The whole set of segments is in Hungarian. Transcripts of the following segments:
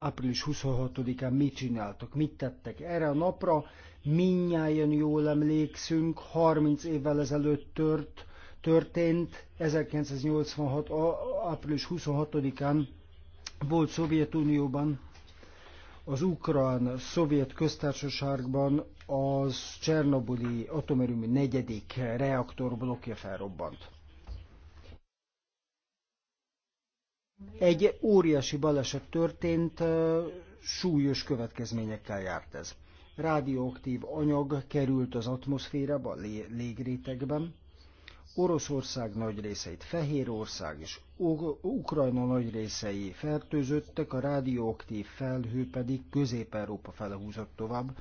április 26-án mit csináltak, mit tettek. Erre a napra minnyáján jól emlékszünk, 30 évvel ezelőtt tört, történt, 1986. április 26-án volt Szovjetunióban, az ukrán szovjet köztársaságban az Csernobuli atomerőmű negyedik reaktorblokja felrobbant. Egy óriási baleset történt, súlyos következményekkel járt ez. Rádióaktív anyag került az atmoszférába, légrétegben. Oroszország nagy részeit Fehérország és Ukrajna nagy részei fertőzöttek, a rádióaktív felhő pedig Közép-Európa fele húzott tovább,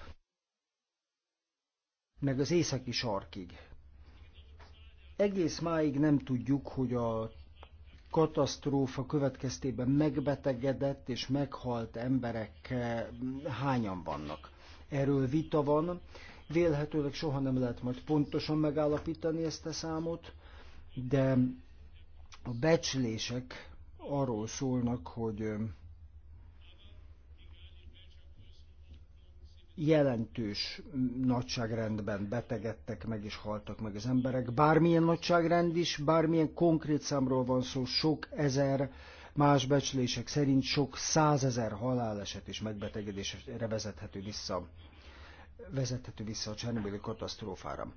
meg az északi sarkig. Egész máig nem tudjuk, hogy a katasztrófa következtében megbetegedett és meghalt emberek eh, hányan vannak. Erről vita van, vélhetőleg soha nem lehet majd pontosan megállapítani ezt a számot, de a becslések arról szólnak, hogy eh, jelentős nagyságrendben betegedtek meg és haltak meg az emberek. Bármilyen nagyságrend is, bármilyen konkrét számról van szó, sok ezer, más becslések szerint sok százezer haláleset és megbetegedésre vezethető vissza vezethető vissza a Csernobili katasztrófára.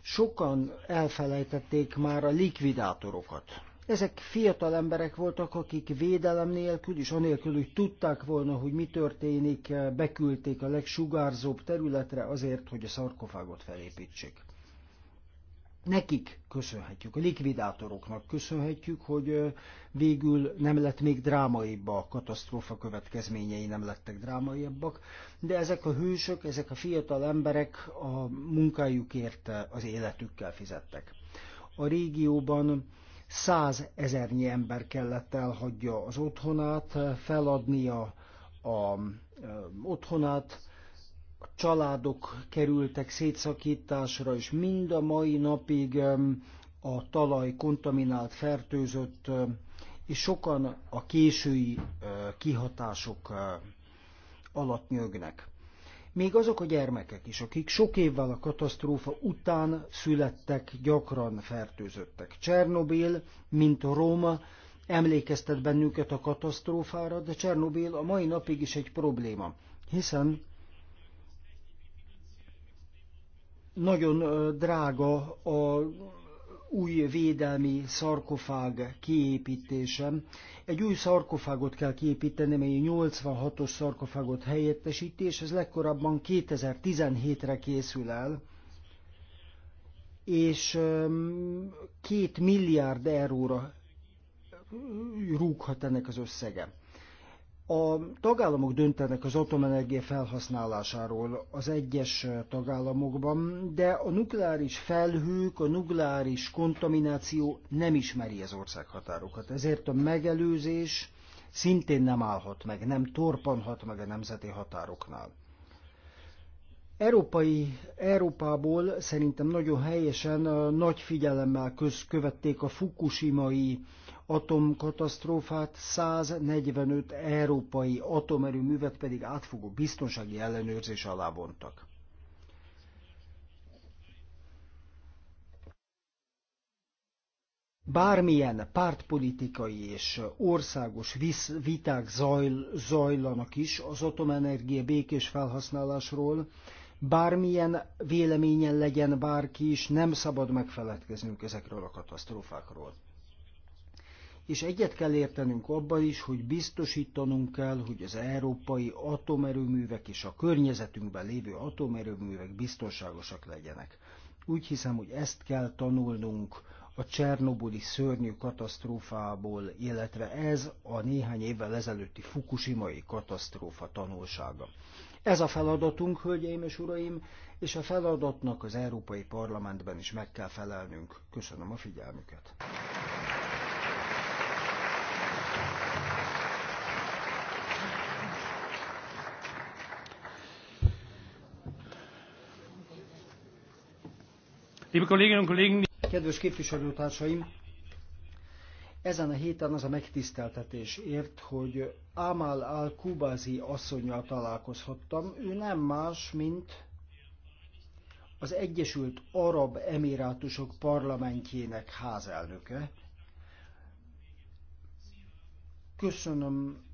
Sokan elfelejtették már a likvidátorokat, ezek fiatal emberek voltak, akik védelem nélkül és anélkül, hogy tudták volna, hogy mi történik, beküldték a legsugárzóbb területre azért, hogy a szarkofágot felépítsék. Nekik köszönhetjük, a likvidátoroknak köszönhetjük, hogy végül nem lett még drámaibb a katasztrófa következményei, nem lettek drámaibbak, de ezek a hősök, ezek a fiatal emberek a munkájukért az életükkel fizettek. A régióban százezernyi ember kellett elhagyja az otthonát, feladnia a, a um, otthonát, a családok kerültek szétszakításra, és mind a mai napig um, a talaj kontaminált, fertőzött, um, és sokan a késői uh, kihatások uh, alatt nyögnek. Még azok a gyermekek is, akik sok évvel a katasztrófa után születtek, gyakran fertőzöttek. Csernobil, mint a Róma, emlékeztet bennünket a katasztrófára, de Csernobil a mai napig is egy probléma, hiszen nagyon drága a új védelmi szarkofág kiépítése. Egy új szarkofágot kell kiépíteni, mely 86-os szarkofágot helyettesíti, és ez legkorábban 2017-re készül el, és két milliárd euróra rúghat ennek az összege. A tagállamok döntenek az atomenergia felhasználásáról az egyes tagállamokban, de a nukleáris felhők, a nukleáris kontamináció nem ismeri az országhatárokat. Ezért a megelőzés szintén nem állhat meg, nem torpanhat meg a nemzeti határoknál. Európai, Európából szerintem nagyon helyesen nagy figyelemmel közkövették a fukushimai atomkatasztrófát, 145 európai atomerőművet pedig átfogó biztonsági ellenőrzés alá vontak. bármilyen pártpolitikai és országos viták zajl, zajlanak is az atomenergia békés felhasználásról, Bármilyen véleményen legyen bárki is, nem szabad megfeledkeznünk ezekről a katasztrófákról. És egyet kell értenünk abban is, hogy biztosítanunk kell, hogy az európai atomerőművek és a környezetünkben lévő atomerőművek biztonságosak legyenek. Úgy hiszem, hogy ezt kell tanulnunk a Csernobuli szörnyű katasztrófából, illetve ez a néhány évvel ezelőtti fukushimai katasztrófa tanulsága. Ez a feladatunk, hölgyeim és uraim, és a feladatnak az Európai Parlamentben is meg kell felelnünk. Köszönöm a figyelmüket. Liebe Kolleginnen und Kollegen, Kedves képviselőtársaim! Ezen a héten az a megtiszteltetés ért, hogy Amal al-Kubazi asszonyjal találkozhattam. Ő nem más, mint az Egyesült Arab Emirátusok parlamentjének házelnöke. Köszönöm